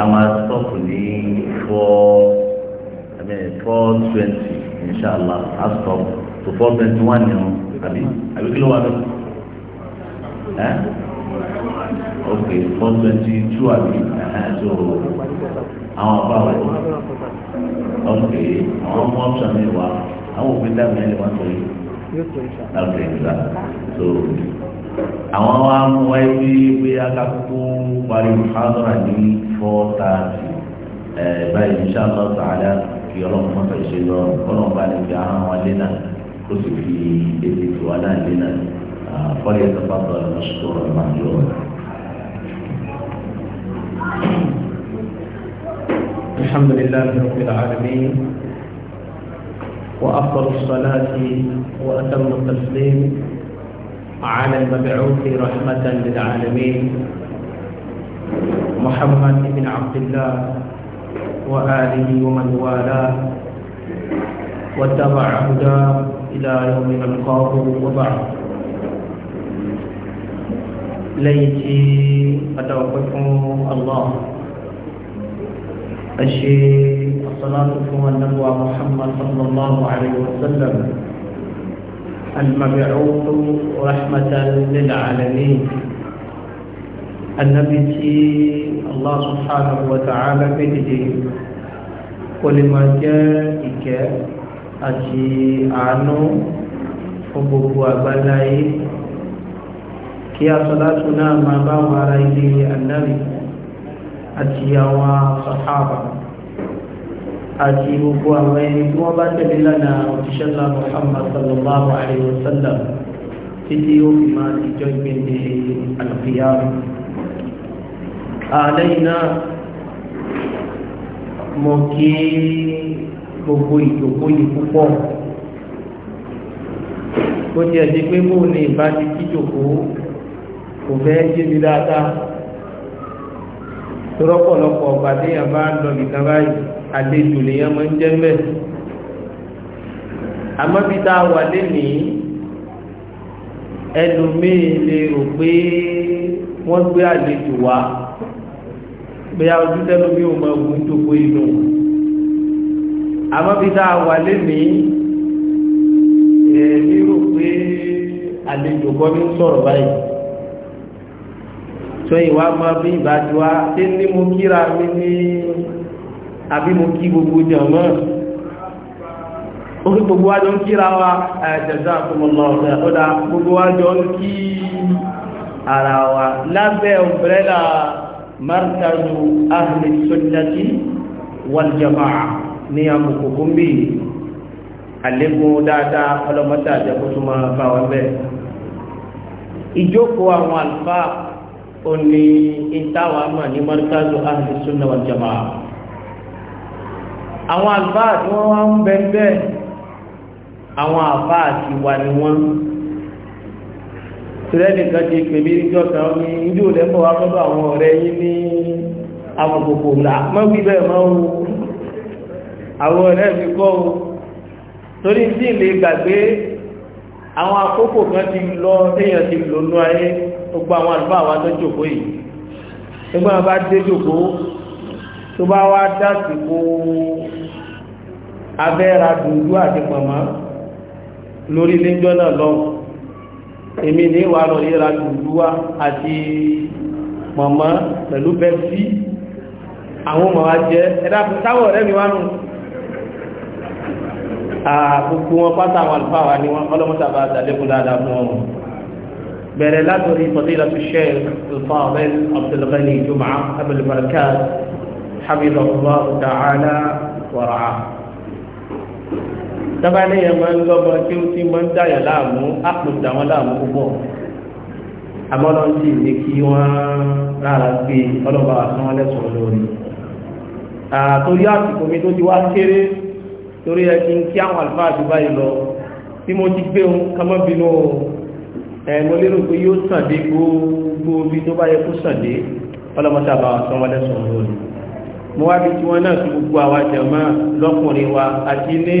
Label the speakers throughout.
Speaker 1: àwọn asọ́pù ní four I mean four twenty inshallah asọ́pù to four twenty one ni wọn àbí àbí kí ló wà lọ ok four twenty two àbí so àwọn ọba wà lọ ok àwọn ọmọ ọ̀sán mi wà àwọn òfin dàbí ẹni wà sọ yìí
Speaker 2: ok so.
Speaker 1: àwọn wa mú wa yi pé pé akakutu parí muhadara ní four thirty ẹ báyìí inshallah ta'ala kí ọlọ́run fún ọ̀sẹ̀ ṣe lọ ọlọ́run bá lè fi ahọ́n wa lé náà kó sì fi ètò wa náà lé náà fọ́lẹ́ ìtọ́pá tó ọ̀rọ̀ ṣùkọ́ ọ̀rọ̀ máa yọ ọ̀rọ̀. الحمد لله رب العالمين وأفضل الصلاة وأتم التسليم على المبعوث رحمة للعالمين محمد بن عبد الله وآله ومن والاه واتبع هداه إلى يوم نلقاه وبعد ليتي أتوقفهم الله أشي الصلاة والنبوة محمد صلى الله عليه وسلم المبعوث
Speaker 3: رحمة للعالمين النبي
Speaker 1: الله سبحانه وتعالى بدي كل ما جاءك أتي عنه حبه وبلاي كي صلاتنا ما بام عليه النبي أتي وصحابه àti gbogbo àwọn ẹni tí wọ́n bá tẹ̀lé lánàá òjíṣẹ́ Muhammad sallallahu alayhi wa sallam títí ó fi máa ti jọ ìgbéǹde àlùfíàrù. àlẹ́yìn náà mo kí gbogbo
Speaker 3: ìjókòó yìí púpọ̀ bó ti ẹ̀ di pé bó ní ìbá ti kíjòkòó kò fẹ́ jẹ́ mi dáadáa rọ́pọ̀lọpọ̀ ọ̀gbà téèyàn bá ń lọ nìkan báyìí àlejò lèyàn máa ń jẹ́ mẹ́ àmọ́ bí tá a wà lénìí ẹlòmíì lè rò pé wọ́n gbé àlejò wá bóyá ojú tẹ́lómi ò máa wù ú dòkó inú àmọ́ bí tá a wà lénìí èmi rò pé àlejò kọ́ ní sọ̀rọ̀ báyìí tó ìwà máa bí ìbájú wa tí ní mo kíra mi ní àbí mo kí gbogbo jàmá orí gbogbo wájọ ń kíra wa ẹ̀ẹ́dẹ̀dá àkọmọ̀lọ́ ọ̀dá gbogbo wájọ ń kí ara wa lábẹ́ ọ̀bẹ̀rẹ́là markazu ahli sunnati wal jamaa ní àkókò kúmbì àlékún dáadáa ọlọ́mọta àjẹkùtùmọ̀ bá wọn bẹ́ẹ̀ ìjókòó àwọn àlùfáà ó ní ìtawà mọ̀ ní markazu ahli sunnati wal àwọn àlùfáà tí wọ́n wá ń bẹ bẹ́ẹ̀ àwọn àlùfáà ti wà ní wọ́n tìrẹ́nìkan ti pè mí níjọ́ kan ní ìdí òde ń bọ̀ wá sọ́dọ̀ àwọn ọ̀rẹ́ yín ní amọ̀kòkò là mọ́wí bẹ́ẹ̀ máa ń wo àwọn ọ̀rẹ́ mi kọ́ o torí tí ìlè gbàgbé àwọn àkókò kan ti lọ téèyàn ti lò nú ayé gbogbo àwọn àlùfáà wa tó jókòó yìí nígbà wọn bá dé jókòó tó bá wá dásìkò abẹ́ra dùdú àti pọ̀mọ́ lórí lẹ́jọ́ náà lọ́wọ́ èmi ní wà lọ yíra dùdú àti pọ̀mọ́ pẹ̀lú pepsi àwọn ọmọ wa jẹ́ ẹ̀dàkùn táwọn ọ̀rẹ́ mi wá nù àkókò wọn pátá àwọn àlùfáà wà ní wọn ọlọ́mọ́sàbà àtàlẹ́kùn dáadáa fún ọmọ بين لاتري فضيلة الشيخ الفاضل عبد الغني جمعة الله تعالى ورعاه tábàlẹ́ yẹn máa ń lọ́mọ tí ó ti máa ń dàyà láàmú àpòjà wọn láàmú púpọ̀ àmọ́ lọ́n sì ní kí wọ́n rárá gbé ọlọ́ba àtúnwá
Speaker 1: lẹ́sùn lórí
Speaker 3: àtòrí àsìkò mi tó ti wá kéré torí ẹ kí n kí àwọn àlùfáà ti báyìí lọ tí mo ti gbé ohun kọmọ́bìnú ẹ̀ mo lérò pé yóò sàn dé gbogbo ibi tó bá yẹ kó sàn dé ọlọ́mọsàbà ọ̀sán wọlé sọ̀rọ̀ lónìí mo wá bí tí wọ́n náà ti gbogbo àwa jẹ̀mọ́ lọ́kùnrin wa àti ní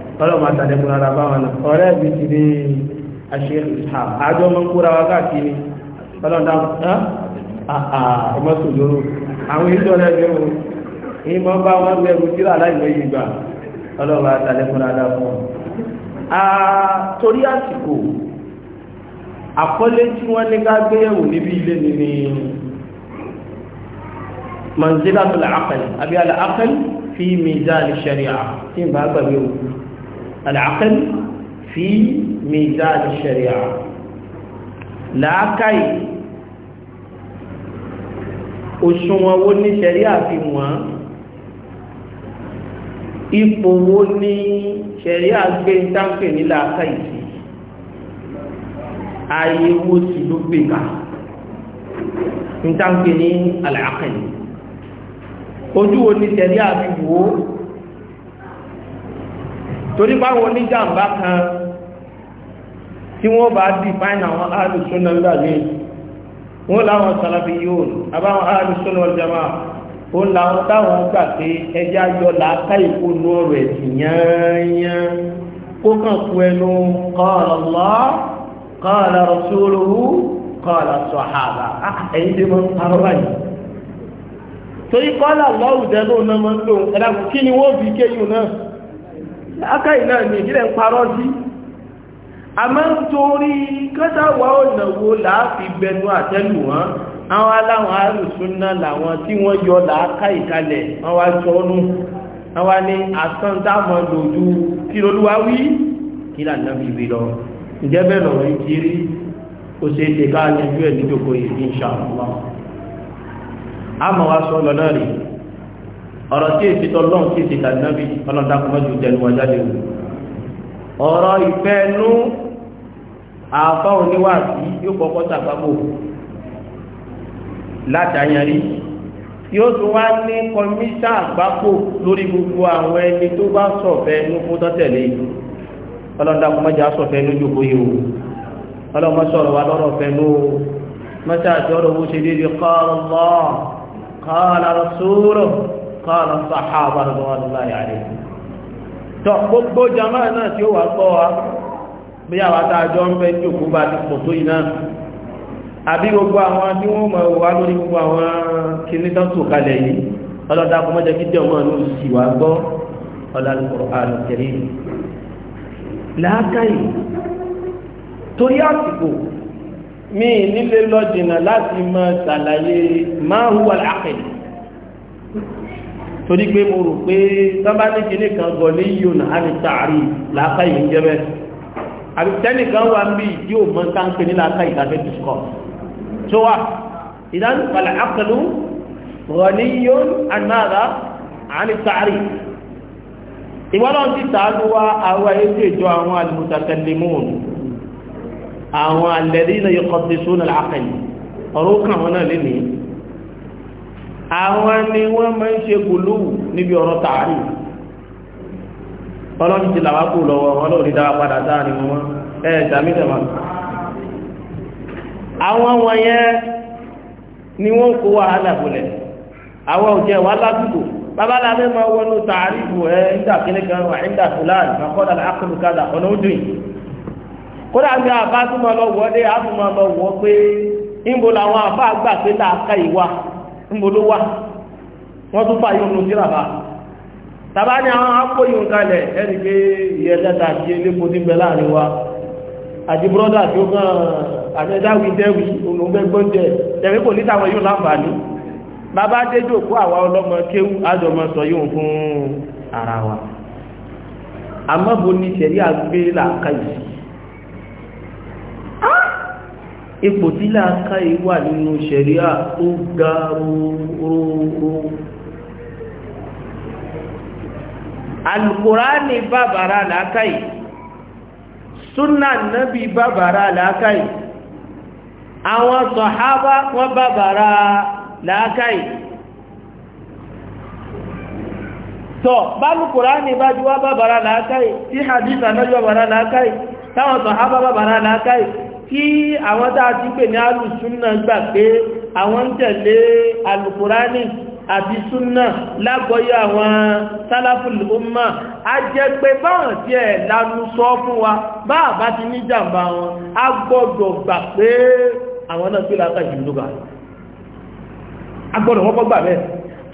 Speaker 3: ọlọ́run máa tàdẹ́kùn ara báwọn náà ọ̀rẹ́ mi ti ní àṣẹ ìhà àjọ ọmọ ń kóra wa káàkiri ọlọ́run dáhùn ọmọ tó lóró àwọn ìjọ rẹ̀ ní òun ní mọ́ bá wọn mẹ́rù síra láìpẹ́ yìí gbà ọlọ́run máa tàdẹ́kùn ara fún ọ. torí àsìkò àkọlé tí wọ́n ní ká gbéyẹ̀wò níbi ilé ni ni manzilatul aql àbí al-aql fi mizan al-shari'a tí ń bá gbàgbé òkú العقل في ميزان الشريعة لا òṣùwọ̀n wo ní ṣẹ̀ríà fi wọ́n ipò wo ní ṣẹ̀ríà gbé táǹkì ní làákàyè sí ààyè wo sì ló gbé ká ní ní àlàákàyè ojú wo ní ṣẹ̀ríà fi wò ó torí báwọn oníjàmbá kan tí wọ́n bá define àwọn alùsùn náà gbà ní wọ́n láwọn sàlàbí yóò àbáwọn alùsùn náà jama ó láwọn táwọn gbà pé ẹjẹ́ ayọ́ làákà ìkónú ọ̀rọ̀ ẹ̀sìn yányán kó kàn kú ẹnu qala Allah qala rasuluhu qala sahaba ẹ̀yìn tí wọ́n ń parọ́ báyìí torí qala Allah òdẹ́lóun náà máa ń lò ẹ̀dàkùn kí ni wọ́n fi kéyìn náà láàkà iná ní ìdílẹ̀ ń parọ́ sí a máa ń torí kọ́sàwà ọ̀nà wo láàfi bẹnu àtẹ́lù wọn àwọn aláwọn alùsúnná làwọn tí wọ́n yọ láàkà ìkalẹ̀ wọ́n wá sọ́nù wọ́n wá ní asán dámọ̀ lòdú kí lolúwa wí kí lànà bìbì lọ ǹjẹ́ bẹ́ẹ̀ lọ̀rọ̀ ìkiri ó ṣe é ṣe ká yanjú ẹ̀ nídòkó yìí ní ọ̀rọ̀ tí èsì tọ́lọ́n tí èsì tàbí ọlọ́dàkùnmọ́jú jẹnu wájáde wù ọ̀rọ̀ ìfẹ́ nú àfá oníwàásí yóò kọ́kọ́ tàbábò látàyàrí yóò tún wá ní kọmíṣà àgbápò lórí gbogbo àwọn ẹni tó bá sọ̀fẹ́ nú fún tọ́tẹ̀lé ọlọ́dàkùnmọ́jú sọ̀fẹ́ nú jòkó yìí o ọlọ́mọ wa lọ́rọ̀ fẹ́ nú mọ́ṣáàtì ọ̀rọ̀ owó ṣe déédéé kọ́ọ̀lọ́ sàhábà rọ̀lọ́lá yàrí tọ́ gbogbo jama náà tí ó wà gbọ́ wa bí a wà tààjọ́ ń bẹ́ tí òkú bá ti pọ̀ tó iná àbí gbogbo àwọn tí wọ́n mọ̀ wá lórí gbogbo àwọn kìíní tán tó kalẹ̀ yìí ọlọ́dà kọ́ mọ́jẹ́ kí dẹ̀wọ́n náà ló sì wá gbọ́ ọlọ́dàkùnrin mi nílé lọ láti mọ ṣàlàyé máa hùwà láàkàyè torí pé mo rò pé sábà ní kíní kan gọ̀ ní yóò á ní tààrí làákà yìí ń jẹ́ bẹ́ẹ̀ àbí tẹ́nì kan wà ń bí yóò mọ táǹkì ní làákà yìí tàbí discọ́ tó wà ìdáhùn pàlẹ́ àkàlù gọ̀ ní yóò á ní tààrí ìwọ́lọ́n ti tààdù wá àwọn ẹgbẹ́ ìjọ àwọn àwọn alẹ́rí na yọkọ̀tẹ̀sùn àkàlì ọ̀rọ̀ náà lè nìí àwọn ni wọ́n máa ń ṣe gòlówù níbi ọ̀rọ̀ tààrí ọlọ́run ti làwá kù lọ́wọ́ ọlọ́run dára padà sáà ni wọ́n ẹ̀ àwọn ni wọ́n kó wàhálà bolẹ̀ àwọn òjẹ́ wà lásìkò bàbá làbẹ́ máa wọnú tààrí nígbà kan wà nígbà ọ̀nà kódà ní àbá tó máa lọ àbùmọ̀ lọ wọ́ pé níbo ló wà wọ́n tún fàyè ònú sí ràbà tàbá ní àwọn akóyún kalẹ̀ ẹni pé ìyẹn lẹ́ta àti eléko ní bẹ láàrin wa àti bírọ́dà tí ó kàn àmẹ́dáwì dẹ́wì olùgbẹ́gbọ́jẹ tẹ̀wé kò ní tàwọn yóò láǹfààní bàbá déjò kó àwa ọlọ́mọ kéwú àjọmọ sọ yóò fún ara wa àmọ́ bo ni ṣẹ̀rí àgbé làákàyè ipò tí láàká ìwà nínú ṣẹ̀ríà ó ga rúrúrú alkùránì bàbàrà làákàí súnà nábì bàbàrà làákàí àwọn sọ̀hábà wọn bàbàrà làákàí tọ̀ bálùkùránì bá juwá bàbàrà làákàí tí hadith anájọ́ bàbàrà làákàí táwọn sọ̀hábà bàbàrà làákàí kí àwọn táà ti pè ní alùsúnnà gbà pé àwọn ń tẹ̀lé alùkùránì àti súnnà lágbọ́yé àwọn sálàfùl umma a jẹ́ pé báwọn tí ẹ̀ lánú sọ fún wa bá àbá ti ní jàmbá wọn a gbọ́dọ̀ gbà pé àwọn náà tí lákàjì a gbọ́dọ̀ wọ́pọ̀ gbà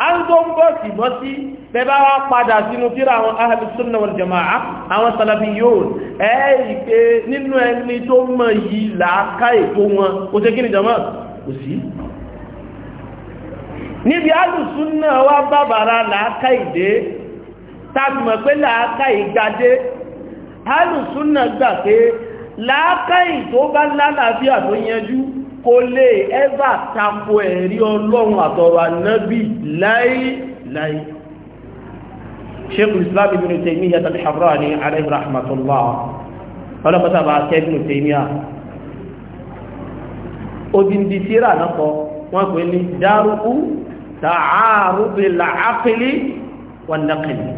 Speaker 3: angongọ́sì bọ́ sí bẹ́bá wá padà sínú tíra àwọn ahàbìsúnnà wal jama'a àwọn sàlàbí yóò ẹ́ ìpé nínú ẹni tó mọ̀ yìí làákà ètò wọn ó tẹ́ kí ni jama kò sí níbi alùsúnnà wá bàbàrà làákà ìdé tàbí pé làákà ìgbàdé kò lè ẹ́bà tako ẹ̀rí ọlọ́run àtọ̀rọ̀ ànábì láíláí Sheikhul Islam Ibn Taymiyyah al-Harrani alayhi rahmatullah ọlọ́pàá bá kẹ́ Ibn Taymiyyah odindi síra lọ́pọ̀ wọ́n pè ní dárúkú tààrùbí làákìlì wọn nàkìlì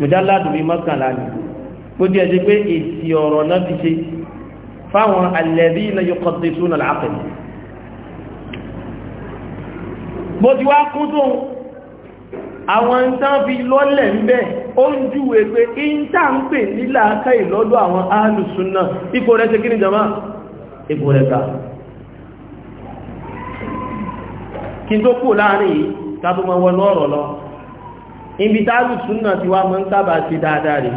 Speaker 3: mùjáládùbí mọ́kànlá ni ó jẹ́ pé èsì fáwọn alladhina yuqaddisuna al-aql bó ti wá kún tó àwọn tán fi lọ́lẹ̀ ń bẹ́ ó ń júwe pé ìntà ń pè nílà aká ìlọ́dọ̀ àwọn alùsùnà ipò rẹ̀ ṣe kí ni jama ti wá mọ́ ń sábà ṣe dáadáa rẹ̀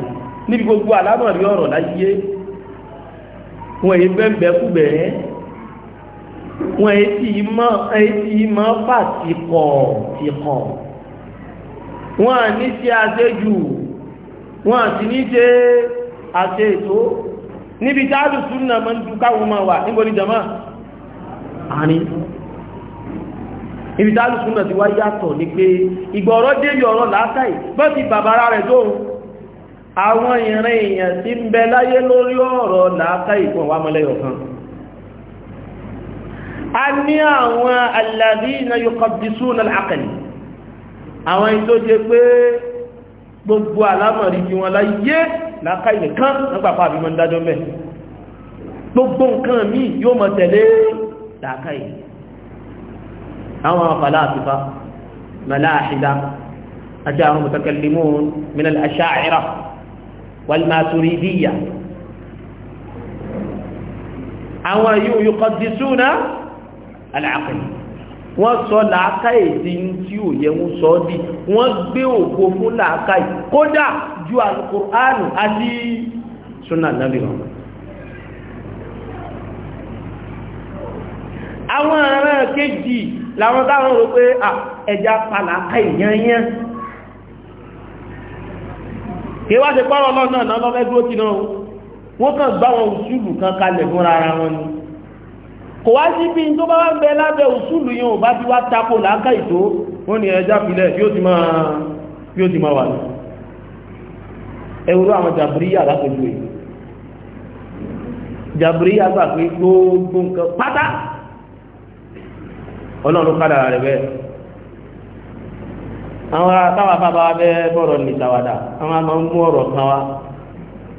Speaker 3: níbi gbogbo àlámọ̀rí ọ̀rọ̀ láyé wọ́n èyí bẹ́ẹ̀bẹ́ kúbẹ̀ẹ́ wọ́n èyí mọ́ fà tìkọ̀ tìkọ̀ wọ́n à ní ṣe àṣejù wọ́n à ti ní ṣe àṣe ètò níbi táàlù súnà mọ́ ń du káwọn máa wà níbo ni jama àárín ibi táàlù súnà ti wá yàtọ̀ ní pé ìgbọ̀rọ̀ débi ọ̀rọ̀ látàì bọ́ ti bàbára rẹ̀ tóun àwọn ìran èèyàn tí ń bẹ láyé lórí ọ̀rọ̀ làákà ìfún wa mọ́lẹ́yọ̀ kan a ní àwọn alladhina yuqaddisuna al-aql àwọn èyí tó jẹ pé gbogbo alámọ̀rí tí wọ́n láyé làákà ìnìkan nígbàpá àbí dájọ́ mẹ́ gbogbo nǹkan míì yóò mọ̀ tẹ̀lé làákà ìnì wal-Maturidiyya àwọn yóò yuqaddisuna al-aql wọ́n sọ làákàyè di tí ò yẹ wọ́n sọ di wọ́n gbé ògo fún làákàyè kódà ju al-Qur'anu àti sunna nàbì wọn. àwọn ará kejì làwọn táwọn rò pé ẹja pa làákàyè yányán kí wá ṣe pọ́rọ̀ lọ́nà náà lọ́fẹ́ dúró tì náà wọ́n kàn gbá wọn òṣùlù kan kalẹ̀ fúnra ara wọn ni kò wá sí bí tó bá wá ń bẹ lábẹ́ òṣùlù yẹn ò bá ti wá tako làákà ìtó wọ́n ní ẹja filẹ̀ bí ó ti máa bí ó ti máa wà ní ẹwúrọ àwọn jàbíríyà lápẹjù yìí jàbíríyà gbà pé gbogbo nǹkan pátá ọlọ́run kádàrà rẹ̀ bẹ́ẹ̀ àwọn ará táwa bàbá wa bẹ́ẹ̀ bọ̀rọ̀ ní ìtawàdà àwọn àmọ́ ń mú ọ̀rọ̀ kan wa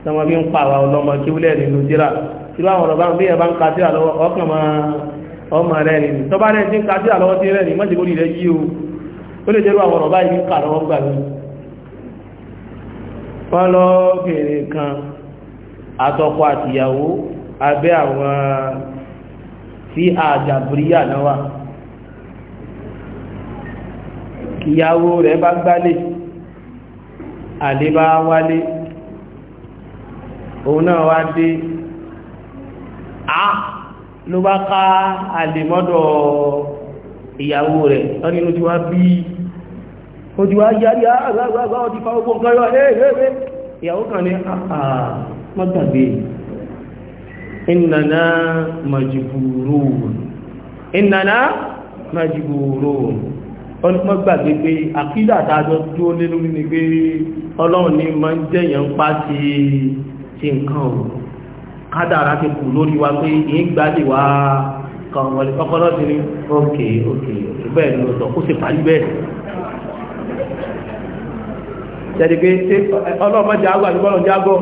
Speaker 3: táwọn bí ń pa àwa ọlọ́mọ kí wúlẹ̀ nínú jíra irú àwọn ọ̀rọ̀ bá ń bí ẹ̀ bá ń ka síra lọ́wọ́ ọkàn máa ọmọ rẹ̀ nìyí tọ́ba rẹ̀ ti ń ka síra lọ́wọ́ sí rẹ̀ nìyí mọ́tì kórì rẹ̀ yí o ó lè jẹ́rú àwọn ọ̀rọ̀ báyìí ń kà lọ́wọ́ gbà mí. wọ́n lọ bèèrè kan àtọkọ àtìyàwó abẹ́ àwọn tí àjàbíríyà náà wà ìyàwó rẹ̀ bá gbálé àlébá wálé òun náà wá dé a ló bá ká àlèmọ́dọ̀ ìyàwó rẹ̀ lọ nínú tí wá bí ojú wá yá yá àgbàgbà ọdí fa ogun kan yọ ẹ́ẹ̀ẹ́ẹ́ ìyàwó kan ní àà mọ́gbàgbé màjìbùrù ìnànà màjìbùrù ọlọ́pọ̀ gbàgbé pé àkídà tààjọ dúó lé lórí ni pé ọlọ́run ní ma ń jẹ́yàn pa ti ti nǹkan ò kádàrá ti kù lórí wa pé ìgbàdì wa kan wọlé ọkọlọ́ ti ní òkè òkè bẹ́ẹ̀ ló sọ kó sì parí bẹ́ẹ̀ jẹ́dí pé ọlọ́mọdé àgọ́ àti bọ́lọ̀mọdé àgọ́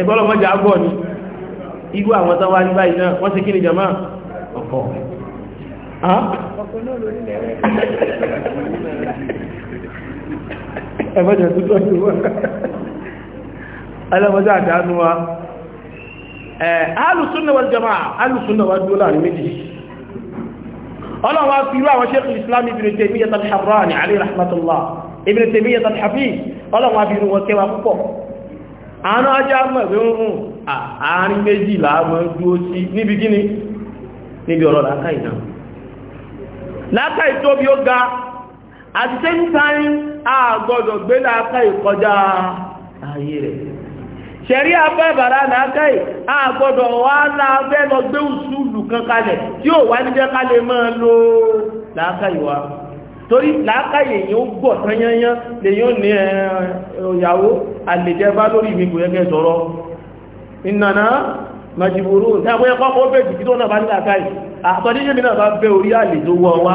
Speaker 3: ẹ̀bọ́lọ̀mọdé àgọ́ ni irú àwọn táwa ní báyìí náà wọ́n ti kí ni jàmáà
Speaker 2: ẹ̀mọ́jẹ̀
Speaker 3: tó tọ́jú wọn ẹlẹ́mọ́jẹ́ àdánú wa alùsúnnà wal jamaa alùsúnnà wà dúró láàrin méjì ọlọ́wọ́ fi rú àwọn sheikh islam ibn taymiyyah al-harrani alayhi rahmatullah ibn taymiyyah al-hafiz ọlọ́wọ́ fi rú látà ìtóbi ó ga at the same time a gbọ́dọ̀ gbé láàká ìkọjá ayé rẹ̀ ṣẹ̀rí afẹ́ bàrá láàká ì a gbọ́dọ̀ wá láàfẹ́ lọ gbé ìṣúlù kan kalẹ̀ tí ó wá níjẹ́ kalẹ̀ máa lo láàká ìwà torí láàká èyàn ó gbọ̀ tányányán lèyàn ní ẹ̀yàwó àlèjẹba lórí màjìbòrò dáwọn ẹ̀kọ́ kọ́ bẹ̀ jù kí tó náà bá nílà káì àtọ́dé yẹ́ mi náà bá bẹ orí àlè tó wọ wá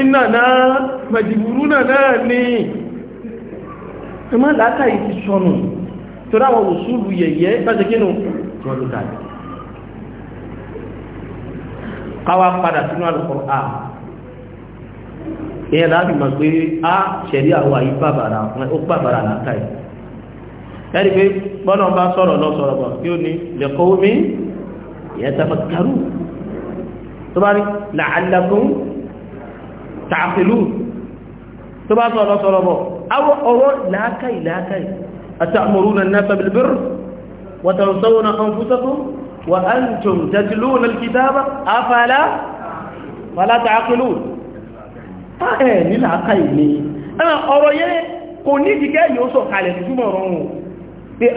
Speaker 3: iná náà màjìbòrò náà ní ẹmọ́ látàí ti sọnù tó dáwọn òṣùlù yẹ̀yẹ́ tọ́jẹ́kínú káwà padà sínú àlùkọ́ à ìyẹn láti mọ̀ pé a ah, ṣẹ̀rí àwọn àyíká bàbàrà látàí ẹ̀rí pé bọ́lá ọba sọ̀rọ̀ lọ sọ̀rọ̀ bọ̀ kí ó ní lẹ́kọ́ omi yatafakkaru tó bá ní la'allakum ta'qilun tó bá sọ̀rọ̀ lọ sọ̀rọ̀ bọ̀ àwọn ọ̀rọ̀ làákàyè làákàyè atamuruna an-nasa bil birr wa tansawna anfusakum wa kò ní ìdíkẹ́ yóò sọ̀kalẹ̀ túmọ̀ rọrùn pé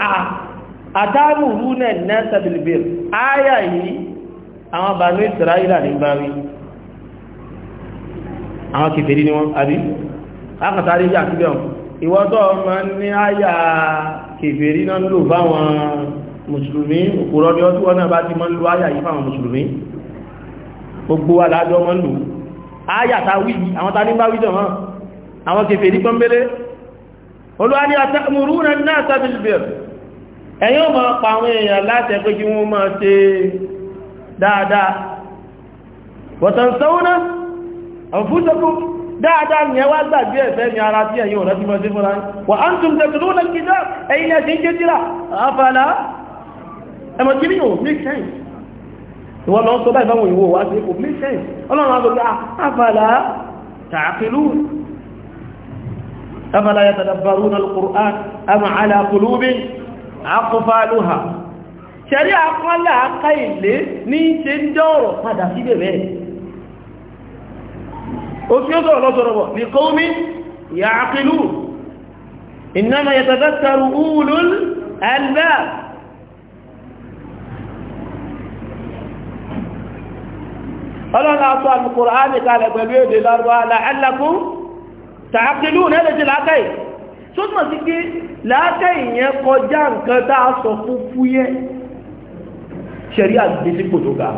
Speaker 3: àtàmùrú náà náà sàbìlìbìl áyà yìí àwọn bàánú ìsìráìlà ní gbáwí àwọn kèfèrí ni wọ́n àbí akàtàrí yà síbẹ̀ wọn ìwọ́tọ̀ ọmọ ní áyà kèfèrí náà lò fáwọn mùsùlùmí òkúrọ́ ni ọdún ọ̀nà bá ti mọ́ lò áyà yìí fáwọn mùsùlùmí gbogbo wa mọ́ lò áyà ta wí àwọn ta ní gbáwí jọ̀ mọ́ àwọn kèfèrí pọ́nbélé olúwa ni àtàmùrúnà náà sábìlìbẹ̀rẹ̀ ẹ̀yin ò máa pa àwọn èèyàn láti ẹgbẹ́ kí wọ́n máa ṣe dáadáa wọ̀tànsáwọ́nà àfúnṣẹ́kù dáadáa ni ẹwà gbàgbé ẹ̀fẹ́ ni ara tí ẹ̀yin ọ̀rẹ́ tí mọ́ sí fúnra wà á ń ah, tún أفلا يتدبرون القرآن أم على قلوب عقفالها ṣẹ̀rí àpọ́lá àká ilé ní ṣe ń dọ́rọ̀ padà sí bẹ̀rẹ̀ ó fi ó sọ̀rọ̀ lọ́sọ̀rọ̀bọ̀ ní kọ́mí ya àkílù ìnáma yẹ tàbátàrù ulul albá ọlọ́nà àtọ́ àmì kùránì kalẹ̀ pẹ̀lú èdè lárúwá la'allakum tààkìlú náà lè ṣe láákàyè tó túnmọ̀ sí pé láákàyè yẹn kọjá nǹkan tá a sọ fún fúyẹ́ ṣẹ̀rí àgbésípò tó ga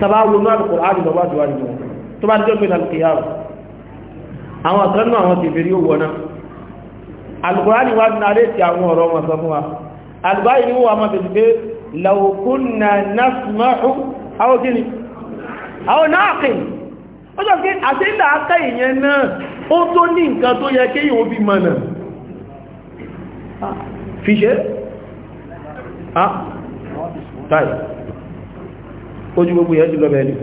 Speaker 3: tàbá wo náà lè kọ̀rọ̀ àdìlọ́ wájú wájú wọn tó bá jẹ́ pé lálùkìyàwó àwọn kan náà àwọn tèbèrè ò ti àwọn ọ̀rọ̀ wọn sọ fún wa alùbáyìí ó sọ pé àtẹ́lá aká ìyẹn náà ó tó ní nǹkan tó yẹ kéyìn ó bí mọ̀nà ah, fi ṣe á ah, táì ojú gbogbo yẹn jù lọ bẹ́ẹ̀ ni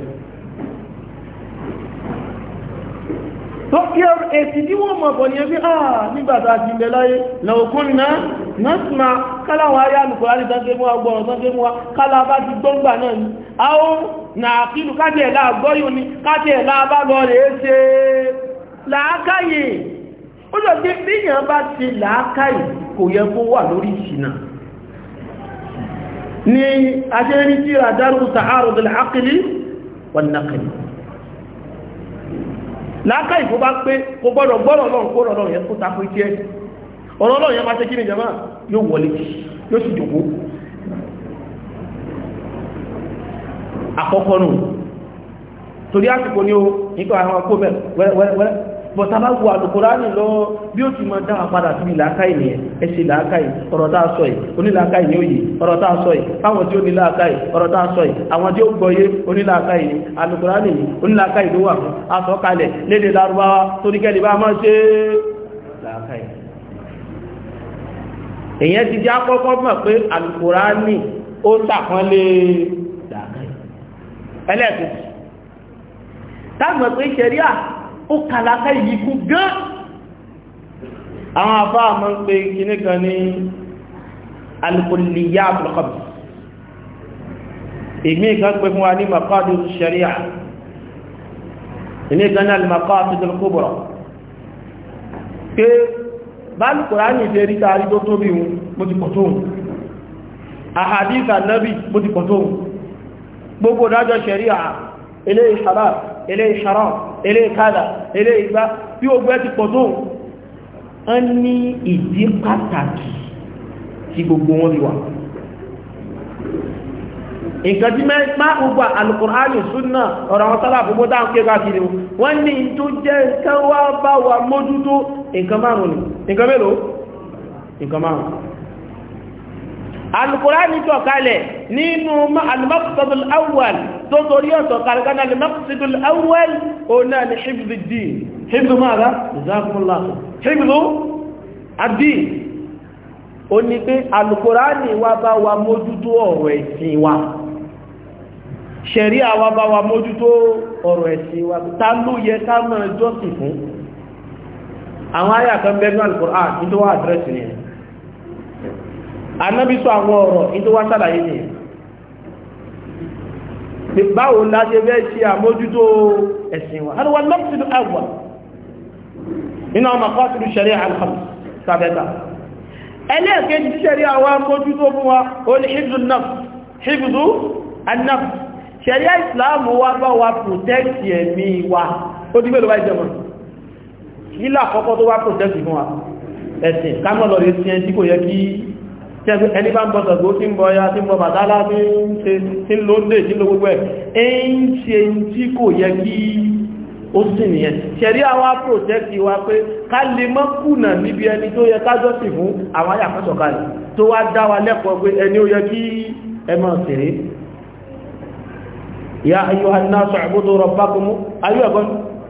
Speaker 3: tó kí èsì tí wọ́n mọ̀ bọ̀ ní ẹgbẹ́ àà ah, nígbàtà ti lẹ láyé lọ́kùnrin náà nọ́sùmá na ayé alùpùpù láti sọ́gbé mú wa gbọrọ sọ́gbé mú wa káláwọn bá ti gbọ́ngbà náà ni a k'a nà kílù káti ẹ̀lá àgbọ́yùn ni káti ẹ̀lá bá lọ rẹ̀ ṣe làákàyè ó sọ bíyàn bá ti làákàyè kò yẹ kó wà lórí ni tí wà kó bá pé kó gbọ́dọ̀ gbọ́dọ̀ lọ́rùn kó yẹ kó takò ọ̀rọ̀ ọlọ́run yẹn máa ṣe kí ni jẹ́mà yóò wọlé yóò sì jòkó àkọ́kọ́ nù torí àsìkò ní o nípa àwọn akó mẹ́ wẹ́rẹ́wẹ́rẹ́ bọ̀tá bá wo àlùkùránì lọ bí ó ti mọ dáwà padà sí ìlàákàì ní ẹ̀ṣẹ̀ ìlàákàì ọ̀rọ̀ tá a sọ yìí onílàákàì ní òye ọ̀rọ̀ tá a sọ yìí àwọn tí ó nílàákàì a sọ yìí àwọn tí ó gbọ́yé onílàákàì èyàn ti jẹ́ akọ́kọ́ mọ̀ pé alukurani ó sàpọ́nlé dàgbà ẹlẹ́ẹ̀kejì tágbọ̀ pé ṣẹ̀ríà ó kàlàkà yìí kú gán àwọn afá àmọ́ ń pe kíní kan ní alukuliya abdulkabi èmi kan pé fún wa ní makadu ṣẹ̀ríà èmi kan ní alimakadu kubra pé báàlù kòránì ìfẹ́ rí tààrí tó tóbi hun mo ti pọ̀ tóhun àhàdíta náàbì mo ti pọ̀ tóhun gbogbo dájọ́ ṣẹ̀ríà ilé ìṣàrá ilé ìṣàrá ilé ìkádà ilé ìgbá bí ogbẹ́ ti pọ̀ tóhun a ní ìdí pàtàkì tí gbogbo wọn lè wà wa mójútó nǹkan márùn ni nǹkan mélòó nǹkan márùn alukùránì tọ̀kalẹ̀ nínú al-maqsadul awwal tó torí ọ̀tọ̀kalẹ̀ kan al-maqsadul awwal o náà ni hifdhu ad-din hifdhu mara jazakumullah hifdhu ad-din o ní pé alukùránì wa bá wa mójútó ọ̀rọ̀ ẹ̀sìn wa ṣẹ̀ríà wa bá wa mójútó ọ̀rọ̀ ẹ̀sìn wa ta yẹ ká máa jọ́sìn fún àwọn ayà kan bẹ́nu al-Qur'an ní tó wá àdírẹ́sì ni anábí sọ àwọn ọ̀rọ̀ ní tó wá sàlàyé ni báwo láti ẹgbẹ́ ṣe àmójútó ẹ̀sìn wa adúwà lọ́pùsìdú àgbà nínú àwọn maqasidu sharia al-khams sàbẹ́ta ẹlẹ́ẹ̀kejì sharia àwọn àmójútó fún wa ó ní hifzu an-nafs hifzu an-nafs sharia islam wa bá wa protect ẹ̀mí wa ó ti nílà àkọ́kọ́ tó wá pòtẹ́sì fún wa ẹ̀sìn kámọ́ lọ rí sí ẹn tí kò yẹ kí ẹni bá ń bọ́ sọ̀gbọ́ tí ń bọ́ ya tí ń bọ́ bàtálá tí ń lóde tí ń lo gbogbo ẹ̀ ń ṣe tí kò yẹ kí ó sì nìyẹn ṣẹ̀rí àwọn pòtẹ́sì wa pé ká lè mọ́ kùnà níbi ẹni tó yẹ kájọ́ sì fún àwọn ayàkọ́sọ̀kalẹ̀ tó wá dá wa lẹ́kọ̀ọ́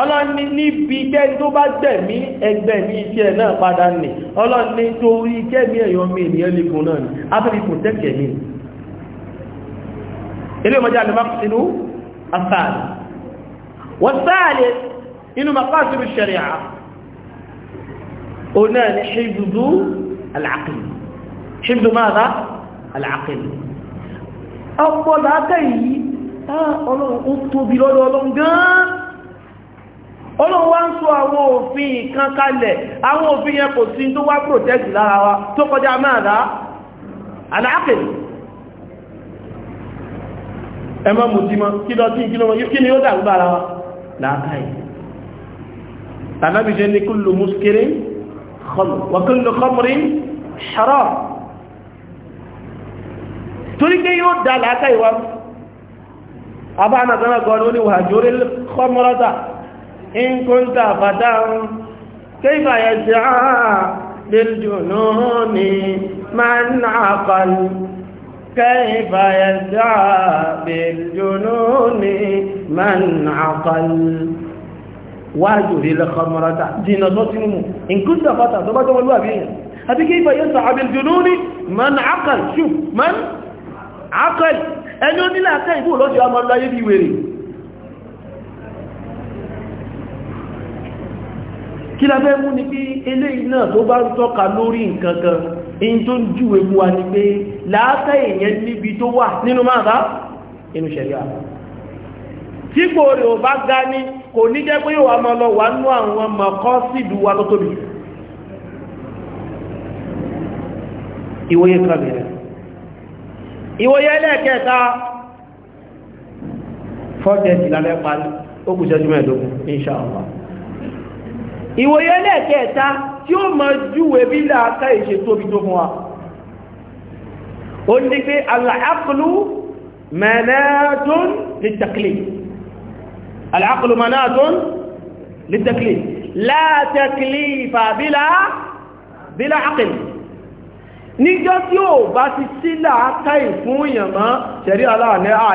Speaker 3: ọlọ́ni níbi jẹ́ tó bá gbẹ̀mí ẹgbẹ̀mí iṣẹ́ náà padà nì ọlọ́ni tó rí jẹ́mí ẹ̀yọ́ mi ènìyàn lẹ́gùn náà ni afẹ́bí kò tẹ́kẹ̀ mi ilé ìmọ̀já ni maqsidu asáàlì wọ́n sáàlì inú maqasidu sharia òun náà ni hifzu al-aql hifzu madha ah, ọlọ́run tóbi lọ́dọ̀ ọlọ́run gan-an ọlọ́run wá ń sọ àwọn òfin kan kalẹ̀ àwọn òfin yẹn kò sí tó wá protect lára wa tó kọjá máa dá aláàkè ẹ má mú jímọ́ kí lọ sí kí ni ó dàrú bára wa láàkàì tàbí ní kullu muskirin khamr wa kullu khamrin haram torí pé yóò dá láàkàì wa abáhànà tánà إن كنت فتى كيف يسعى للجنون من عقل كيف يسعى بالجنون من عقل واجه الخمرة دين صوتهم إن كنت فتى ضبط والوابين أبي كيف يسعى بالجنون من عقل شوف من عقل أنه لا كيف لو جاء الله يبي ويري kí la fẹ́ mú ní pé eléyìí náà tó bá ń tọ́ka lórí nǹkan kan èyí tó ń júwe mú wa ní pé láàtà èèyàn níbi tó wà nínú máa bá inú ṣẹ̀ríà típò rẹ̀ ò bá ga ní kò ní jẹ́ pé yóò wá máa lọ wà nú àwọn mọ̀kọ́ sídùú wa tó tóbi ìwòye kan bẹ̀rẹ̀ ìwòye ẹlẹ́ẹ̀kẹta ìwòye ẹlẹ́ẹ̀kẹta tí ó mọ júwe bí láàká ìṣe tóbi tó fún wa ó ní pé al-aqlu manatun lit-taklif al-aqlu manatun lit-taklif la taklifa bila bila aql níjọ́ tí ó bá ti sí láàká ìfún ìyàmọ́ ṣẹ̀rí aláàrẹ à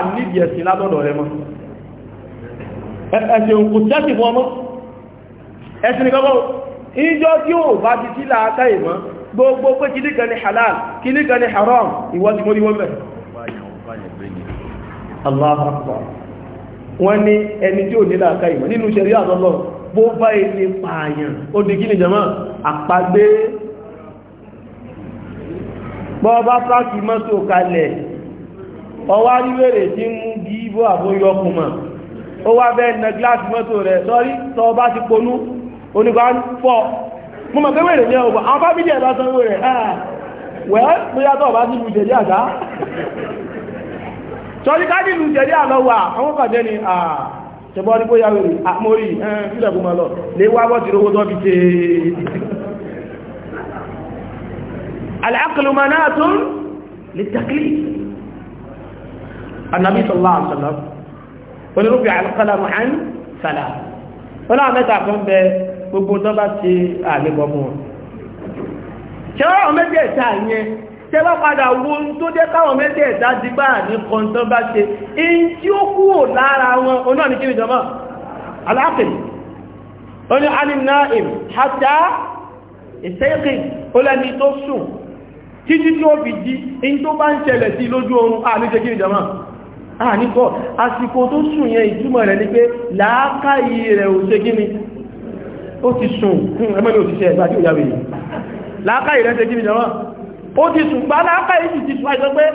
Speaker 3: látọ̀dọ̀ rẹ mọ́ ẹ̀sìn òkú tẹ́sì ẹ̀sìn nìkan bọ́ ìjọ tí ó bá ti sí láàká ìmọ̀ gbogbo pé kìlí kan ní halal kìlí kan ní haram ìwọ́n ti mórí wọ́n bẹ̀ wọ́n ní ẹni tí ò ní láàká ìmọ̀ nínú ṣẹ̀rí àtọ́lọ́ bó bá ilé pààyàn ó di kí ni jẹ́mọ́ àpagbé bọ́ọ̀bá pàtí mọ́tò kalẹ̀ ọwá ríwèrè tí ń mú gí ibò àbóyọkùnmọ̀ ó wá bẹ́ẹ̀ na gíláàsì mọ́tò rẹ̀ sọ́rí tọ́ bá ti ponú onígbà fọ́ mo mọ̀ pé wèrè ní ọgbà àwọn bá bídí ẹ̀bá sanwó rẹ̀ wẹ́ bóyá tó ọba nílùú jẹ̀dí àdá sọ́jí ká nílùú jẹ̀dí àlọ́wà àwọn pàdé ni ṣẹbọ́ ní bóyá wèrè àmórí sílẹ̀ ṣe alákùnrin máa náà tún lè tàkìlì annabi sallallahu alaihi wasallam wani rufi alqalamu an gbogbo tó bá ti àlebọ̀ mú wọn. ṣé ọ̀rọ̀ mẹ́tẹ̀ẹ̀ta yẹn tẹ́ bá padà wo tó dé káwọn mẹ́tẹ̀ẹ̀ta di bá ní kan tó bá ṣe in tí ó kúrò lára wọn oná ní kíni jọmọ́ aláàfin ó ní alimna im hata ìsẹ́kì ó tó sùn títí tí ó fi jí in tó bá ń ṣẹlẹ̀ sí lójú oorun àmì ṣe kíni jọmọ́ àníkọ́ àsìkò tó sùn yẹn ìtumọ̀ rẹ̀ ni pé làákàyè rẹ̀ ò ṣe kíni ó ti sùn fún hmm, ẹmọ́lẹ̀ òṣìṣẹ́ ẹgbà tí ó yàwó yìí láàkà ìrẹsẹ̀ kí ni jọmọ́ ó ti sùn gbá láàkà ìsì ti sùn àìsàn pé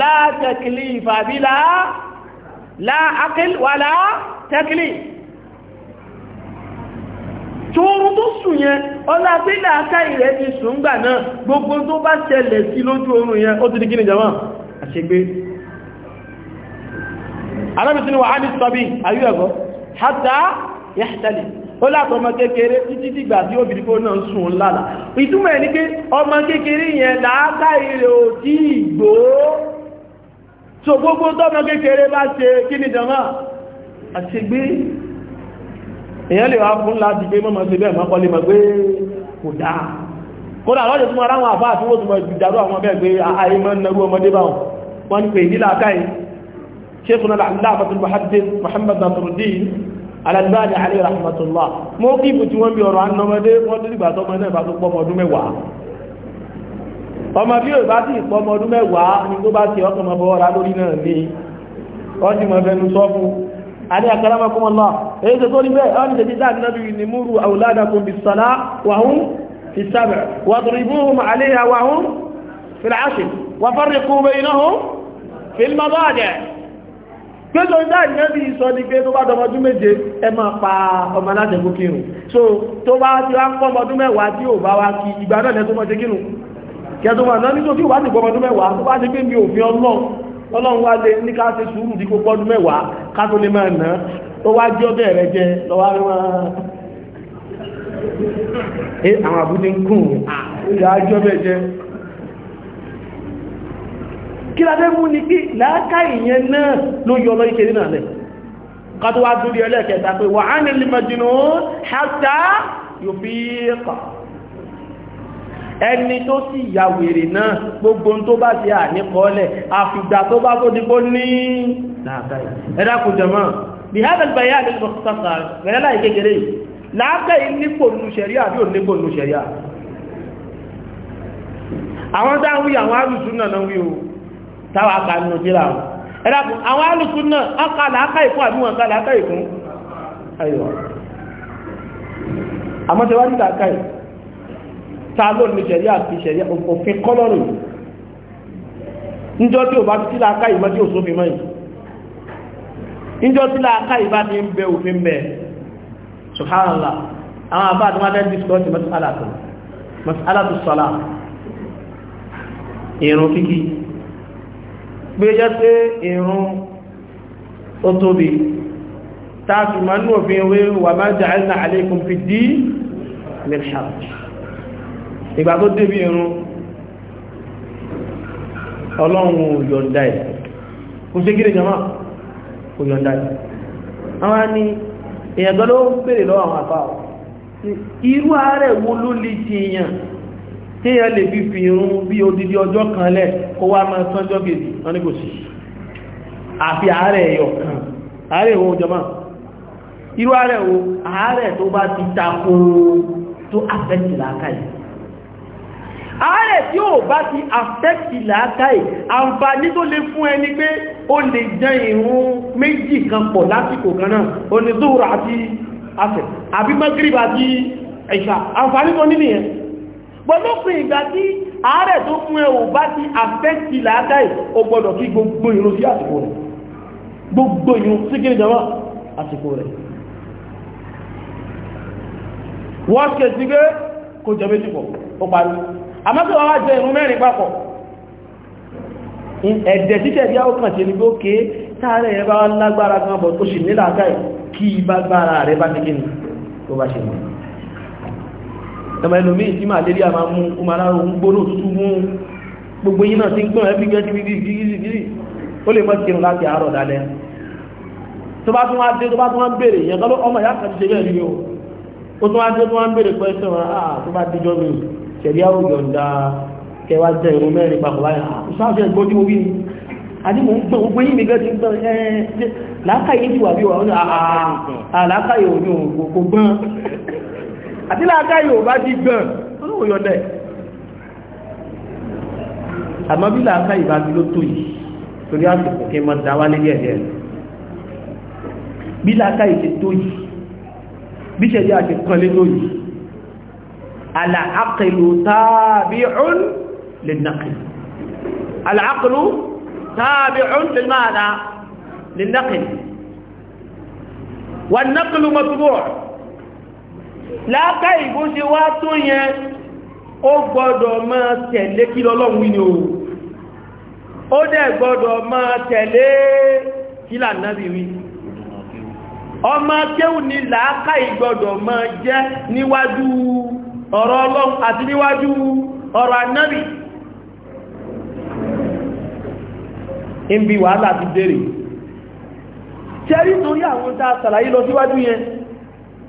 Speaker 3: látẹ̀kìlì ìfàbílá láàkìlwàlá tẹ́kìlì tóorun tó sùn yẹn ọlá pé láàkà ìrẹ ti sùn gbà náà gbogbo tó bá ṣẹlẹ̀ sí lójú oorun yẹn ó ti di kí ni jọmọ́ àṣegbé alábìsínú wà ó látọ̀ ọmọ kékeré títí dìgbà tí obìnrin kó náà sùn lálà ìtumọ̀ ẹ̀ ní pé ọmọ kékeré yẹn làákà ilẹ̀ ò tí ìgbó so gbogbo tọ́mọ kékeré bá ṣe kí ni jọmọ́ àṣegbé èyàn lè wá fún láti gbé mọ́mọ́ sí bẹ́ẹ̀ mọ́kọ́ lè mọ̀ pé kò dáa kódà lọ́jọ́ tó mọ́ ara wọn àbá àti wọ́n tó mọ́ ìdàrú àwọn bẹ́ẹ̀ pé ààyè mọ́ nẹrú ọmọdé báwọn wọ́n ń pè ní làákàyè ṣe fún aláàbàtún muhammad nasruddin Al-Albani alayhi rahmatullah mọ́ kí ibù tí wọ́n bí ọ̀rọ̀ anọmọdé wọ́n tó dìgbà tọ́mọ náà bá tó pọ́mọ ọdún mẹ́wàá ọmọ bí ò bá sì pọ́mọ ọdún mẹ́wàá ni tó bá ti ọkọ̀ mọ́ bọ́ ra lórí náà ní ọdún mọ́ fẹnu sọ fún alẹ́ akramakumullah èyí tó tó ní bẹ́ẹ̀ ọ́n gbẹ́sọ̀ ní dáàdì náà bí sọ ní pé tó bá dọmọdún méje ẹ máa pa ọmọ aláṣẹ́gbó kírun so tó bá ti wá ń pọ́ ọmọdún mẹ́wàá tí ò bá wá kí ìgbà náà lẹ́tọ́ mọ́ṣe kírun kẹtùmọ̀ náà nítorí wá ní pọ́mọdún mẹ́wàá tó bá ti gbé mi òfin ọlọ́run ọlọ́run wá lé ní ká ṣe sùúrù dípò pọ́dún mẹ́wàá ká tó lè máa ná tó kí lábẹ́ mú ní pé láákà ìyẹn náà ló yọ lọ ìkèrè náà lẹ̀ kàtó wá dúrí ẹlẹ́ẹ̀kẹta pé wà á nílì mẹ́jìnà hátà yóò fi kà ẹni tó sì ya wèrè náà gbogbo tó bá ti à ní kọ́ọ̀lẹ̀ àfìgbà tó bá tó dìbò ní láàkà ẹ̀dá àwọn dáhùn yà wọn náà náà wí o táwa ká nínú tíra wọn ẹ̀dá kù àwọn alùsù náà ọkà làákà ìfún àbí wọn ká làákà ìfún ayọ̀ àmọ́ tẹ wá ní làákà ì ta ló ní ṣẹ̀rí àti ṣẹ̀rí òfin kọ́lọ́rù níjọ́ tí ò bá ti làákà ìmọ́ tí ò sófin mọ́ yìí níjọ́ tí làákà ìbá ti ń bẹ òfin bẹ̀ subhanallah àwọn àbá àti máa discourse masalatu masalatu sala ìrùn kíkí gbé jẹ́ pé ìrún ó tóbi tààtù ma ní òfin wé wà máa ja'alna alaykum fi dí mẹ́ṣàl ìgbà tó débi ìrún ọlọ́run yọ̀ǹda ẹ̀ kò ṣe gírí jama kò yọ̀ǹda ẹ̀ àwọn ni èyàn gọ́lọ́ bèèrè lọ́wọ́ àwọn àfáà irú ààrẹ wo ló lè ti èèyàn téèyàn lè fi fi irun bí odidi ọjọ́ kan lẹ̀ kó wá máa sánjọ́ kejì wọn ní kò sí àfi àárẹ̀ ẹ̀yọ̀ kan àárẹ̀ ìwọ̀n òjọ́mọ́ irú àárẹ̀ wo àárẹ̀ tó bá ti tako tó affecti làákàyè àárẹ̀ tí ó bá ti affecti pọ̀lọ́pìn ìgbà tí ààrẹ tó fún ẹ ò bá ti àfẹ́kì làákàì o gbọ́dọ̀ kí gbogbo ìrun sí àsìkò rẹ̀ gbogbo ìrun sí kí ìjọba àsìkò rẹ̀ wọ́n ṣe sí pé kò jẹ méjì pọ̀ ó parí àmọ́sọ̀ wá jẹ ìrun mẹ́rin papọ̀ ẹ̀dẹ̀ títẹ̀ bí áwọ́ kàn ẹmọ ẹlòmí tí máa lérí àmà mú ọmọ aláwọ̀ ń gbóná òtútù mú gbogbo yìí náà ti ń gbọ́n ẹbí gẹ́gẹ́ gírígírí ó lè mọ́ kírun láti àárọ̀ dalẹ́ tó bá tún wá dé tó bá tún wá ń béèrè yẹn kọ́ ọmọ ìyá kan ti ṣe bẹ́ẹ̀ rí o ó tún wá dé tó wá ń béèrè pẹ́sẹ̀ wọn á ah, tó bá díjọ́ mi ṣẹ̀rí àwòjọ ń da kẹwàá jẹ ìrún mẹ́rin papọ̀ báyìí àṣàṣẹ ah, gbójú wí ni àti mò ń gbọ́n gbogbo yìí mi gẹ́ ti ń gbọ́n ẹ́ lákàyè ti wà bí wà ó ní àlàkàyè ah, òní òkò gbọ́n àti láàká yóò bá ti gbọ̀n tó lóò yọ dẹ̀ àmọ́ bí láàká ìbá bí ló tó yìí torí àsìkò kí n máa da wálé díẹ̀ bí láàká ìṣe tó yìí bí ṣe yá kan lé tó yìí àlàákìlù tàbí'un lè nàkì àlàákìlù tàbí'un lè lè nàkì wà nàkìlù mọ́túbọ̀ láàká ìbó ṣe wá tó yẹn ó gbọ́dọ̀ máa tẹ̀lé kí lọ́lọ́run wí ni o ó dẹ̀ gbọ́dọ̀ máa tẹ̀lé kí lànàbì wí ọmọ kéhù ni làákà ìgbọ́dọ̀ ma jẹ́ níwájú ọ̀rọ̀ ọlọ́run àti níwájú ọ̀rọ̀ ànábì ń bí wàhálà ti dèrè tẹ́rí torí àwọn tá a sàlàyé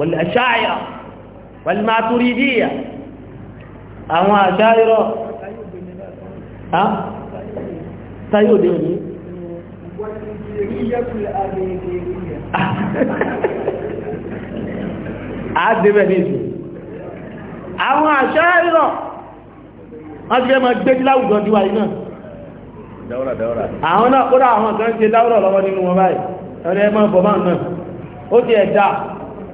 Speaker 3: والأشاعرة والماتريدية àwọn àṣáyírọ̀
Speaker 1: ها؟ dé òní
Speaker 2: àádébẹ̀
Speaker 3: ní ìsìn àwọn àṣáyírọ̀ wọ́n ti fẹ́ mọ́ gbé láwùjọ díwà iná àwọn náà kódà àwọn kan ṣe dáwọ́rọ̀ lọ́wọ́ nínú wọn báyìí ẹ̀rẹ́ mọ́ bọ̀mọ́ náà ó ti ẹ̀dá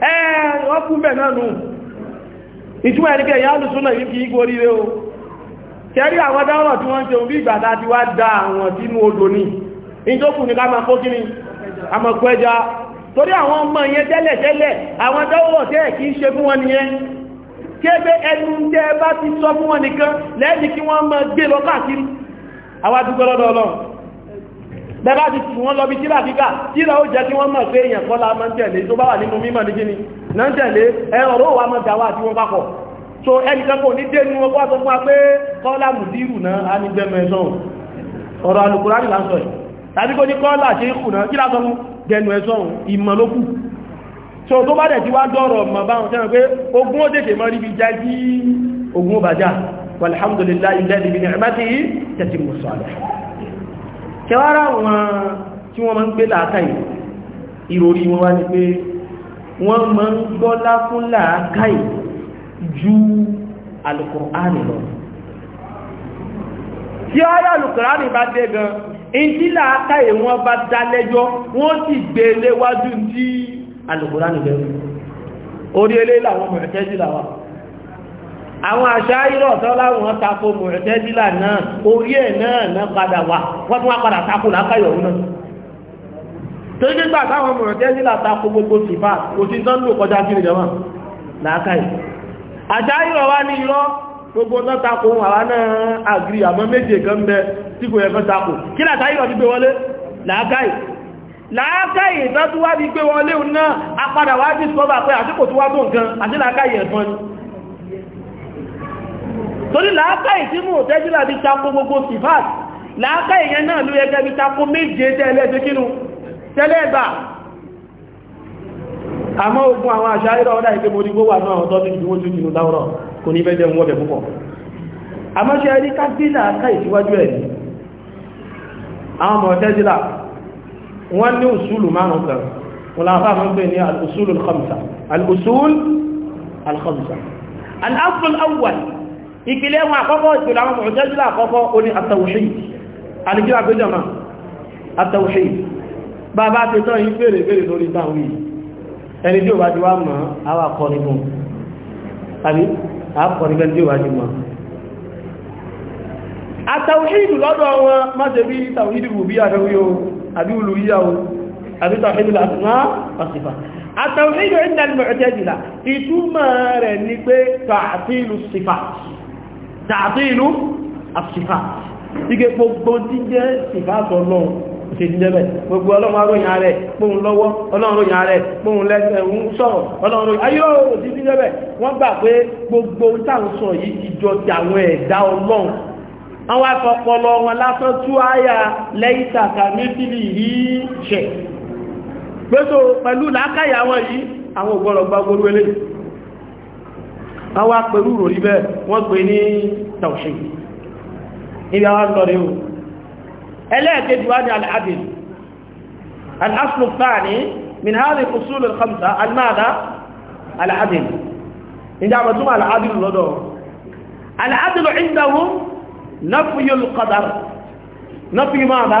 Speaker 3: ẹ́ wọ́n kú bẹ̀ náà nù ìtumọ̀ ẹni pé ẹ̀yà alùsùnà yìí o kẹrí àwọn dáwọ̀ tí wọ́n ń jẹun bí ti dá àwọn sínú odò ní ìjọkù ní ká máa kó ẹja torí àwọn ọmọ yẹn tẹ́lẹ̀ tẹ́lẹ̀ àwọn dáwọ̀ tẹ́ wọn nìyẹn kébé enu tẹ́ ti nìkan bẹ́ẹ̀ bá ti tù wọ́n lọ bí tíra kíkà tíra ó jẹ́ kí wọ́n mọ̀ pé èèyàn kọ́lá máa ń tẹ̀lé tó bá wà nínú mímọ̀ ní kíni náà ń tẹ̀lé ẹ̀rọ wà máa dà wá àti wọn papọ̀ so ẹnìkan kò ní dé nínú ọgbà tó fún wa pé kọ́lá mùdírù náà á ní gbẹmọ ẹ̀sán ọ̀rọ̀ alùkùránì là ń sọ ẹ̀ tàbí kò ní kọ́lá ṣe kù náà kíra sọ fún gẹnu ẹ̀sán ìmọ̀ ló kù so tó bá dẹ̀ ti wá dọ̀rọ̀ mọ̀ báwọn sẹ́wọ̀n pé ogun ó já kí ogun ó bàjá walhamdulillahi alladhi bi ni'matihi tatimmu tẹwàrá wọn tí wọ́n máa ń gbé làákàyè ìròrí wọn wá ní pé wọ́n máa ń gbọ́lá fún làákàyè ju alùkùránì lọ tí ayá alùkùránì bá dé gan ìdí làákàyè wọn bá dá lẹ́jọ́ wọ́n sì gbé e léwájú tí alùkùránì bẹ̀rù orí eléyìí làwọn mọ̀ àwọn àṣáyírọ̀ tó láwọn tako mọ̀tẹ́dílà náà orí ẹ̀ náà náà padà wà wọ́n tún wá padà tako lákàyọ̀ náà tó nígbà táwọn mọ̀tẹ́dílà tako gbogbo sífà òsì tó ń lò kọjá kí nìjọba lákàyọ̀ àṣáyírọ̀ wá ní irọ́ gbogbo náà tako àwa náà àgírí àmọ́ méje kan bẹ tí kò yẹ kan tako kí làṣáyírọ̀ ti gbé wọlé torí làákà ìtínú òtẹ́jìlá bí tako gbogbo sifat làákà ìyẹn náà ló yẹgẹ́ bí tako méje tẹ́lẹ́dẹ́kínú tẹ́lẹ́gbà àmọ́ ogun àwọn àṣà ìrọ̀ ọ̀dá ìpé mo rí gbówà náà ọ̀tọ́ tí ìdíwó tí ìlú dáwọ́rọ̀ kò ní bẹ́jẹ̀ wọ́n bẹ̀ púpọ̀ àmọ́ ṣe rí kágbílà ká ìsíwájú ẹ̀ àwọn ọmọ tẹ́jìlá wọ́n ní òṣùlù márùn-ún kan wọ́n láfáà mọ́ ìpìlẹ̀ wọn àkọ́kọ́ ìpìlẹ̀ àwọn Mu'tazila àkọ́kọ́ ó ní at-tawhid alìjíwà pé jọmọ́ at-tawhid bàbá ti tán yí bèèrè bèèrè lórí tàwí ẹni tí ó bá ti wá mọ́ àwà kọrin fún àbí àkọrin bẹ́ẹ̀ tí ó bá ti mọ́ at-tawhid lọ́dọ̀ wọn má ṣe bí tawhid rẹ̀ ni pé ta'til as tààtìlú àṣìfà ike gbogbo jíjẹ́ ìfàṣọ́ náà ṣe jíjẹ́ bẹ̀ gbogbo ọlọ́run aróyìn ààrẹ pòun lọ́wọ́ ọlọ́run aróyìn ààrẹ pòun lẹ́sẹ̀ ń sọ̀rọ̀ ọlọ́run aróyìn ayé ọ̀rọ̀ sí jíjẹ́ bẹ̀ wọ́n gbà pé gbogbo táwọn sọ yìí ti jọ ti àwọn ẹ̀dá ọlọ́run àwọn afọpọlọ wọn lásán tú àyà lẹ́yìn tàkà méjìlì yìí ṣẹ̀ pẹ̀lú làákàyà wọn yìí àwọn ògbọ́rọ̀ eléyìí àwọn apẹ̀rú ròrí bẹ́ẹ̀ wọ́n pè ní tàwṣì ibi àwọn lọ́rẹ̀ o ẹlẹ́ẹ̀kejì wá ní al'adìl al'aslu thani min hadhi al-usul al-khamsa al-madha al'adìl ìjàmà túnmà al'adìl lọ́dọ̀ al'adìl indahum nafyu al-qadar nafyu madha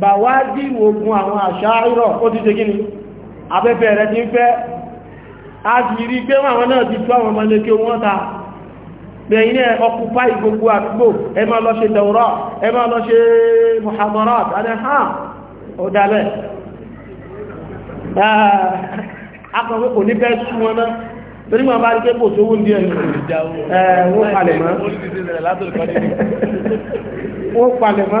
Speaker 3: bà wá dí ogun àwọn àṣà ìrọ̀ ó ti ṣe gíní afẹ́fẹ́ rẹ̀ ti ń fẹ́ a ti rí pé àwọn náà ti tó àwọn ọmọléke wọ́n ta bẹ̀yìn ọkùpá ìgbogbo àdúgbò ẹ máa lọ ṣe tẹ̀wọ́rọ̀ ẹ máa lọ ṣe muhammarat adẹ́hàn ọ̀dàlẹ̀ akọ̀wé ah, kò ní fẹ́ sú wọn eh, wọ́n palẹ̀ mọ́ wọ́n palẹ̀ mọ́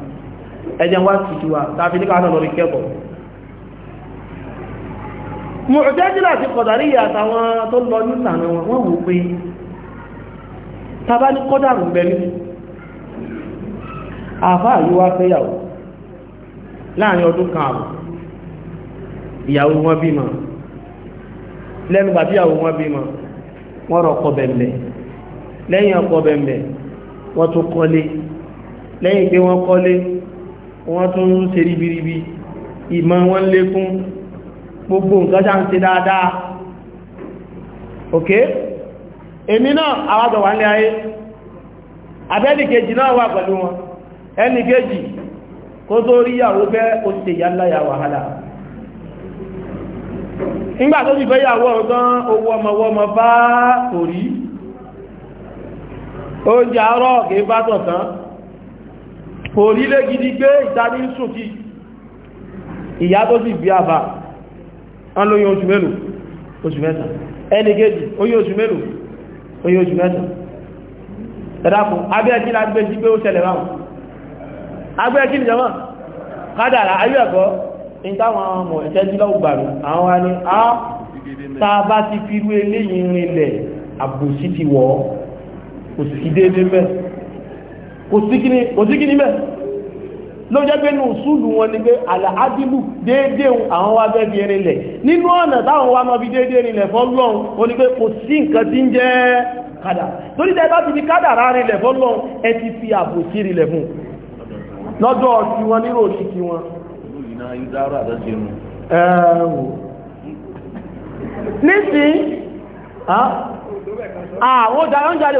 Speaker 3: ẹjẹ́ wá tutù wa tàbí ní káàkiri lórí kẹ́kọ̀ọ́ Mu'tazila ti kọ̀dàrí àtàwọn tó lọ ní ìlànà wọn wọ́n wò pé tàbá ní kọ́dàrù bẹ̀rẹ̀ àfáà yóò wá fẹ́yàwó láàrin ọdún kan àbọ̀ ìyàwó wọn bímọ lẹ́nu gbàtí ìyàwó wọn bímọ wọ́n rọkọ bẹ̀m̀bẹ̀ lẹ́yìn ọkọ bẹ̀m̀bẹ̀ wọ́n tún kọ́lé lẹ́yìn pé wọ́n kọ́lé wọ́n tún ń ṣe ríbiríbi ìmọ̀ wọn lékún gbogbo nǹkan ṣá ń ṣe dáadáa ok èmi náà àwájọ wà ní ayé abẹ́nìkejì náà wà pẹ̀lú wọn ẹnìkejì kó tó rí yàwó fẹ́ ó ti yà ńlá yà wàhálà nígbà tó ti fẹ́ yàwó ọ̀gán owó ọmọwọ́mọ bá kò oúnjẹ àárọ̀ kìí bá tọ̀tán kò rílé gidi gbé ìdarí ń sùn kí ìyá tó sì bí àbá wọ́n lóyún oṣù mélòó oṣù mẹ́ta ẹni kejì oyún oṣù mélòó oyún oṣù mẹ́ta ẹ̀dàkùn abẹ́ kí lágbé sí pé ó ṣẹlẹ̀ ráhùn agbẹ́ kí nìjọba kádàrà ayú ẹ̀kọ́ ní táwọn ọmọ ìṣẹ́júlọ́wọ́ gbàrù àwọn wa ní a tá a bá ti fi rú eléyìn rinlẹ̀ àbòsí ti wọ̀ ọ́ òsì déédéé mẹ́rin kò sí kíní kò sí kíní bẹ́ẹ̀ ló jẹ́ pé nù wọn ni pé àlà ádìlù déédéé àwọn wa fẹ́ fi erin lẹ̀ nínú ọ̀nà táwọn wa máa fi déédéé erin lẹ̀ fọ́lọ́run ó ní pé kò sí nǹkan tí ń jẹ́ kádà torí tẹ́ bá ti fi kádà rárin lẹ̀ fọ́lọ́run ẹ ti fi àbò sí rí lẹ̀ fún lọ́jọ́ ti wọn nírò sí ti wọn. nísìnyí àwọn ọjà ló ń jáde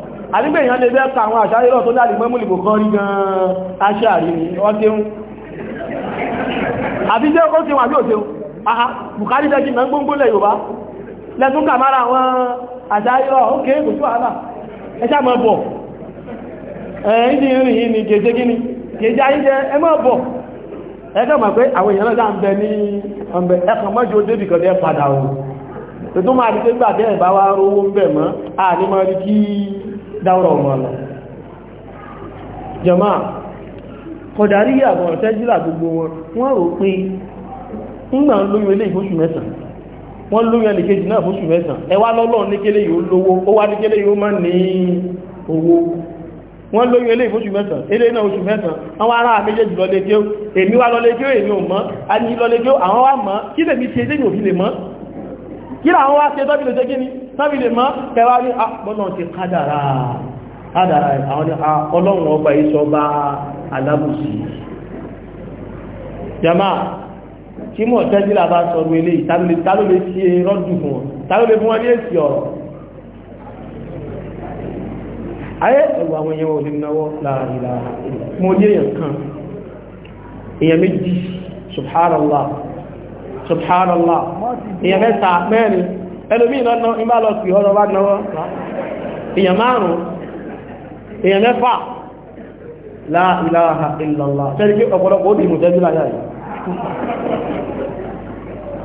Speaker 3: àdígbè èèyàn lè bẹ́ ka àwọn àṣà ìrọ̀ tó dáàlì mọ́múlì kò kọ́ rí gan-an aṣáàrí ni wọ́n tí ó àti jẹ́ ó tí wà ní òṣèlú àà bukari bẹ́ jìnà gbóngbólẹ̀ Yorùbá lẹ́tún kà mára àwọn àṣà ìrọ̀ ókè kò tí wàhálà ẹṣà mọ́ bọ̀ ẹ̀yìn rìn yìí ni gèjé gíní gèjé ayé jẹ́ ẹ mọ́ bọ̀ ẹjọ́ mọ̀ pé àwọn èèyàn náà ń bẹ ní ọmọ ẹkàn mọ́jú ó débì kọ̀dẹ́ padà ohun tó tó máa rí pé gbàdẹ́ mọ́ rí kí dáwọ́rọ̀ ọmọ lọ jọmọ́ kọ̀dárí àwọn ọ̀tẹ́jìlá gbogbo wọn wọ́n rò pé ńgbà ń lóyún ilé ìfóṣù mẹ́sàn wọ́n lóyún ẹnìkejì náà fóṣù mẹ́sàn ẹwà lọ́lọ́ níkélé yóò lówó ó wá níkélé yóò má ní owó wọ́n lóyún ilé ìfóṣù mẹ́sàn ilé náà oṣù mẹ́sàn àwọn ará méjèèjì lọ lékí ó èmi wá lọ lékí ó èmi ò mọ́ a ní lọ lékí ó àwọn wá mọ́ kí lèmi ṣe dé ní òfin lè mọ́ kí làwọn wá ṣe tọ́bí lè ṣe kí ni sábì lè mọ́ tẹwàá ní àpọ́nà ah, ti kádàrà kádàrà àwọn ní ah, ọlọ́run ọba ìṣọba alábùsí jama tí mọ̀ tẹ́jílà bá sọ̀rọ̀ ilé ìtàló lè fi rọ́dù fún wọn tàló lè fún wọn ní èsì ọ̀rọ̀ ayé ẹ̀wọ̀ àwọn èèyàn òní náwọ́ láàrínlá mo ní èèyàn kan èèyàn méjì subhanallah subhanallah
Speaker 2: èèyàn mẹ́ta mẹ́rin
Speaker 3: ẹlòmí ìlọ́nà ìbá lọ sí ọ̀rọ̀ bá náwọ́
Speaker 2: èèyàn márùn-ún
Speaker 3: èèyàn mẹ́fà la ilaha illallah tẹ́lẹ̀ pé ọ̀pọ̀lọpọ̀ ó dìmù tẹ́jú láyá yìí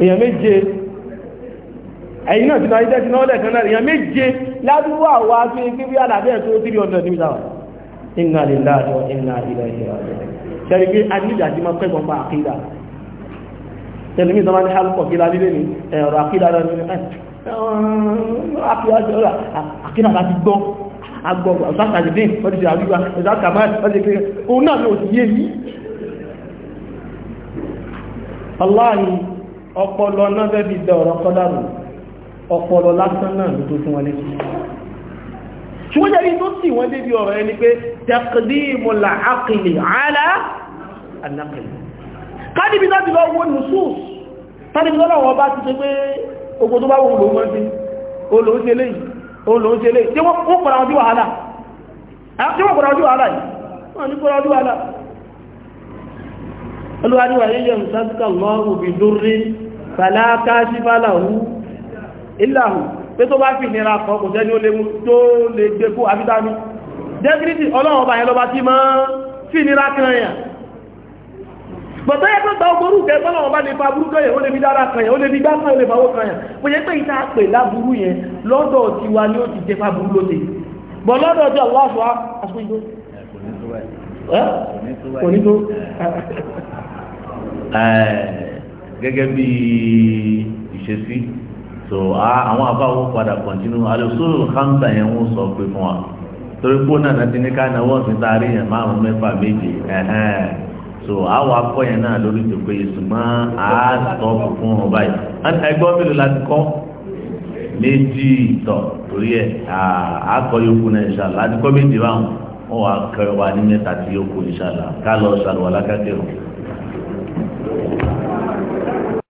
Speaker 3: èèyàn méje ẹ̀yìn náà ti náà ìdẹ́jú náà lẹ́ẹ̀kan náà èèyàn méje ládùúgbò àwọn aṣọ ikú bí àlàbẹ́ tó 300 níbi táwọn inna lillahi wa inna ilaihi raji'un mi sọ ní hálùkọ̀ kí lálílé ni ẹ̀rọ àkídà lọ́nà àfihàn àkínà láti gbọ́ agbọ̀gbọ̀ ọ̀sáàkàlẹ̀dín ọdíjẹ̀ àríwá ìsáàkàmá ọdíjẹ̀ òun náà ni òsì yé yí aláàrin ọpọlọ náà bẹ́bí ìdá ọ̀rọ̀ kọ́dàrù ọpọlọ lásán náà ló tó fún wọn létí ṣùgbọ́n jẹ́ tó sì wọ́n débi ọ̀rọ̀ ẹni pé taqdimul aqli ala an-naql ogun tó bá wù lòun wọ́n sí olóhun ṣe léyìí olóhun ṣe léyìí tí wọ́n pọ̀ra ojú wàhálà tí wọ́n pọ̀ra ojú wàhálà yìí wọ́n ní pọ̀ra ojú wàhálà olúwàdíwà yíyẹ mùsáàtìkà lọ́wọ́ bí dúrí fàlákà sífàlà hù ìlàhù pé tó bá fi nira kan kò sẹ́ni ó lè mú tó lè gbé kó àbídámi jẹ́ kìrìtì ọlọ́run ọba yẹn lọ́ba máa fi nira kan yàn bàtà yẹ kó gba ogorú kẹ bọ́lá wọn bá lè fa burúkọ yẹn o lè fi dára kan yẹn ó lè fi gbá kan yẹn ó lè fa owó kan yẹn kò yẹ pé ìta pè láburú yẹn lọ́dọ̀ tiwa ni ó ti jẹ́ fa burú lóde bọ̀ lọ́dọ̀ ti àwọn aṣọ aṣọ ìjọ.
Speaker 1: kò ní tó gẹ́gẹ́ bí ìṣesí so àwọn àbáwọ̀ padà kọ̀ntínú alùsùlù hamsa yẹn wọ́n sọ pé fún wa torí pé ó ní ká náà wọ́n ti taari yẹn márùn-ún mẹ́fà méje so àwọn akọ yẹn náà lórí ìjòkó yìí ṣùgbọ́n àásọ fún wọn báyìí ẹgbọ́n mélòó láti kọ́ méjì tọ̀ torí ẹ̀ àákọ yòókù náà inshallah láti kọ́ méjì báwọn wọn wà kẹrẹ wa ní mẹ́ta tí yòókù inshallah ká lọ ṣàlùwà lákàtẹ́rù.